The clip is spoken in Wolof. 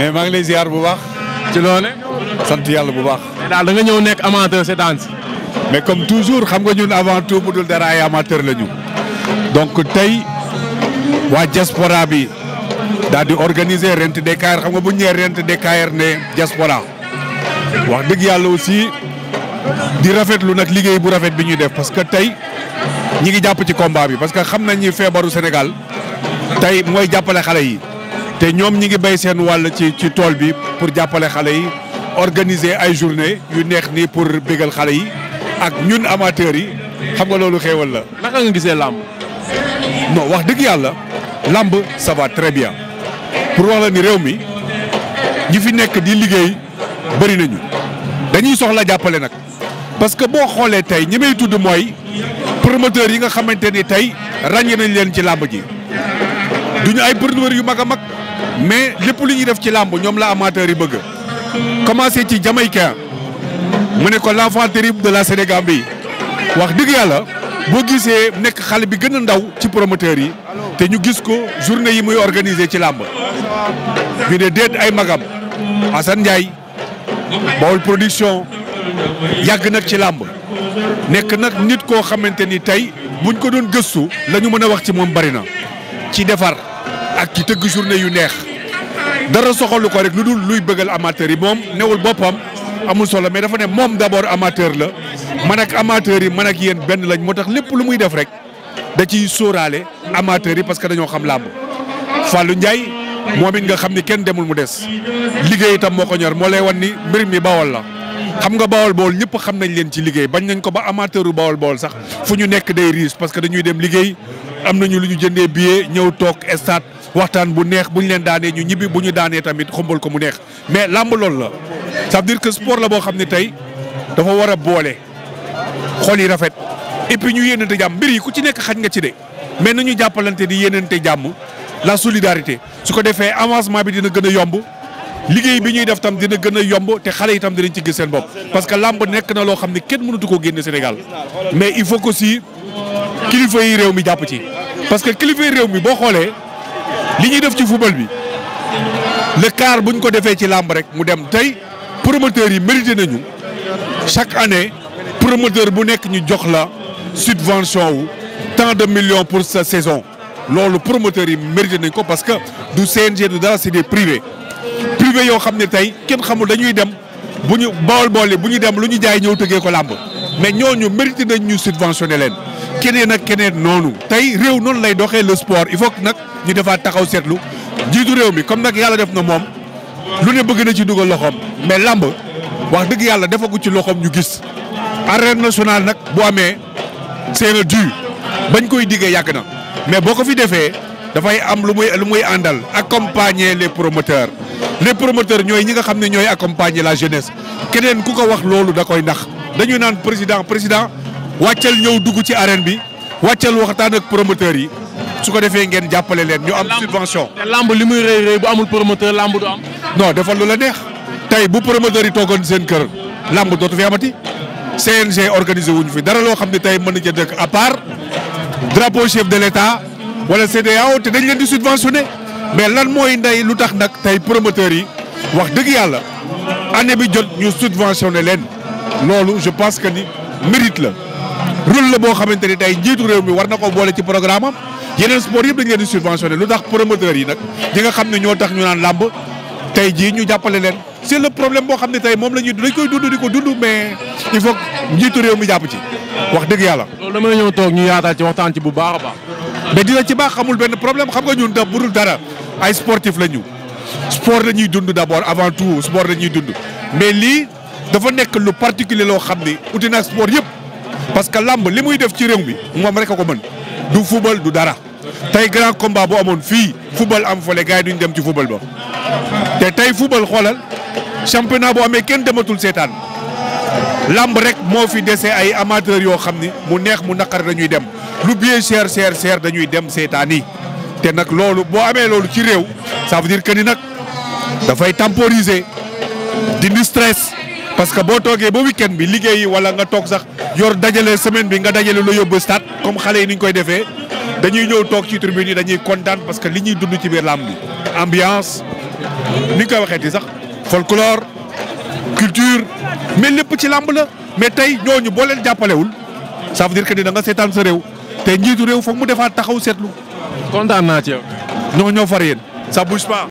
mais maa ngi lay ziar bu baax. ci loone sant yàlla bu baax. daal da nga ñëw nekk amateur c'est danse. mais comme toujours xam nga ñun avant tout bu dul dara ay amateur la ñu. donc tey waa diaspora bi daal di organiser rent DKR xam nga bu ñu nee rent DKR ne diaspora wax dëgg yàlla aussi di rafetlu nag liggéey bu rafet bi ñuy def parce que tey ñi ngi jàpp ci combat bi parce que xam nañ ni feebaru Sénégal tey mooy jàppale xale yi. te ñoom ñi ngi béy seen wàll ci ci tool bi pour jàppale xale yi organiser ay journée yu neex nii pour bégal xale yi ak ñun amateurs yi xam nga loolu xewal la. naka nga gisee làmb. non wax dëgg yàlla làmb ça va très bien pour wax la ni réew mi ñi fi nekk di liggéey bëri nañu dañuy soxla jàppale nag parce que boo xoolee tey ñi tudd mooy promoteurs yi nga xamante ni tey ràññee nañ leen ci làmb ji duñu ay promoteurs yu mag a mag mais lépp lu ñuy def ci làmb ñoom la amateur yi bëgg commencé ci jamaïcain mu ne ko l'enfant terrible de la sénégal Sénégambie wax dëgg yàlla boo gisee nekk xale bi gën ndaw ci promoteur yi te ñu gis ko journée yi muy organiser ci làmb bi ne déet ay magam Assane Ndiaye Baol production yàgg nag ci làmb nekk nag nit koo xamante ni tey buñ ko doon gëstu lañu mën a wax ci moom bari na ci defar ak ki tëgg journée yu neex dara soxalu ko rek lu dul luy bëggal amateur yi moom newul boppam amul solo mais dafa ne moom d'abord amateur la man ak amateur yi man ak yéen benn lañ moo tax lépp lu muy def rek da ciy sóoraale amateur yi parce que dañoo xam làmb Fallou Ndiaye moom it nga xam ni kenn demul mu des liggéey itam moo ko ñor moo lay wan ni mbir mi bawol la xam nga bawol bawol ñëpp xam nañ leen ci liggéey bañ nañ ko ba amateur u bawol bawol sax fu ñu nekk day riis parce que dañuy dem liggéey am na ñu lu ñu jëndee billet ñëw toog stade waxtaan bu neex bu ñu leen daanee ñu ñibbi bu ñu daanee tamit xumbal ko mu neex mais làmb loolu la ça veut dire que sport la boo xam ne tey dafa war a boole xool yi rafet et puis ñu yéenante jàmm mbir yi ku ci nekk xaj nga ci de mais nañu jàppalante di yéenante jàmm la solidarité su ko defee avancement bi dina gën a yomb liggéey bi ñuy def tam dina gën a yomb te xale yi tam dinañ ci gis seen bopp parce que làmb nekk na loo xam ne kenn mënatu koo génne Sénégal kilifa yi réew mi jàpp ci parce que kilifa yi réew mi boo xoolee li ñuy def ci football bi le quart bu ñu ko defee ci làmb rek mu dem tey promoteurs yi mérité nañu chaque année promoteur bu nekk ñu jox la subvention wu tant de millions pour sa saison loolu promoteurs yi mérité nañ ko parce que du CNG du dara c'est des privés privés yoo xam ne tey kenn xamul dañuy dem bu ñu bool bool bu ñu dem lu ñu jaay ñëw tëggee ko làmb mais ñooñu mérité nañ ñu subventionné leen keneen ak keneen noonu. tey réew noonu lay doxee le sport il faut nag ñu defaa taxaw seetlu jiitu réew mi comme nag yàlla def na moom lu ne bëgg na ci dugal loxoom mais làmb wax dëgg yàlla defagu ci loxoom ñu gis. arène nationale nag bu amee c'est le dû bañ koy diggee yàgg na mais boo ko fi defee dafay am lu muy lu muy àndal accompagner les promoteurs les promoteurs ñooy ñi nga xam ne ñooy accompagner la jeunesse keneen ku ko wax loolu da koy ndax. dañuy naan président président wàccal ñëw dugg ci arène bi wàccal waxtaan ak promoteurs yi su ko defee ngeen jàppale leen ñu am subvention lamb li muy rëy rëy bu amul promoteur lamb du am non defal lu la neex tey bu promoteurs yi toogoon seen kër lamb dootu fi amati CNG organisé wuñu fi dara loo xam ne tey mën na ca dëkk à part drapeau chef de l'état wala CEDEAO te dañ leen di subventionné mais lan mooy ndey lu tax nag tey promoteurs yi wax dëgg yàlla année bi jot ñu subventionné leen loolu je pense que ni mérite la rôle la boo xamante ni tey njiitu réew mi war na ko boole ci programme am yeneen sport yëpp dañ leen di subventionné lu tax promoteurs yi nag ñi nga xam ne ñoo tax ñu naan làmb tey jii ñu jàppale leen c'est le problème boo xam ne tey moom la ñuy dañ koy dund di ko dund mais il faut njiitu réew mi jàpp ci wax dëgg yàlla. loolu dama la ñëw toog ñu yaatal ci waxtaan ci bu baax a baax. mais dina ci baax xamul benn problème xam nga ñun da budul dara ay sportif la ñu sport la ñuy dund d'abord avant tout sport la ñuy dund dafa nekk lu particulier loo xam ni uti na sport yëpp parce que làmb li muy def ci réew mi moom rek a ko mën du football du dara tey grand combat bu amoon fii football am fole gars yi duñ dem ci football ba te tey football xoolal championnat bu amee kenn dematul seetaan làmb rek moo fi dese ay amateur yoo xam ni mu neex mu naqar dañuy dem lu bien cher cher cher dañuy dem seetaan yi te nag loolu boo amee loolu ci réew ça veut dire que ni nag dafay temporiser parce que boo toogee ba week-end bi liggéey wala nga toog sax yor dajale semaine bi nga dajale lu yóbbu stade comme xale yi ni ñu koy defee dañuy ñëw toog ci tribune yi dañuy kontaan parce que li ñuy dund ci biir làmb bi ambiance ni ñu koy waxeeti sax folklore culture mais lépp ci làmb la mais tey ñooñu boo leen jàppalewul ça veut dire que ni da nga seetaan sa réew te njiitu réew foog mu defaat taxaw seetlu. kontaan naa ci ñoo ñoo far yéen ça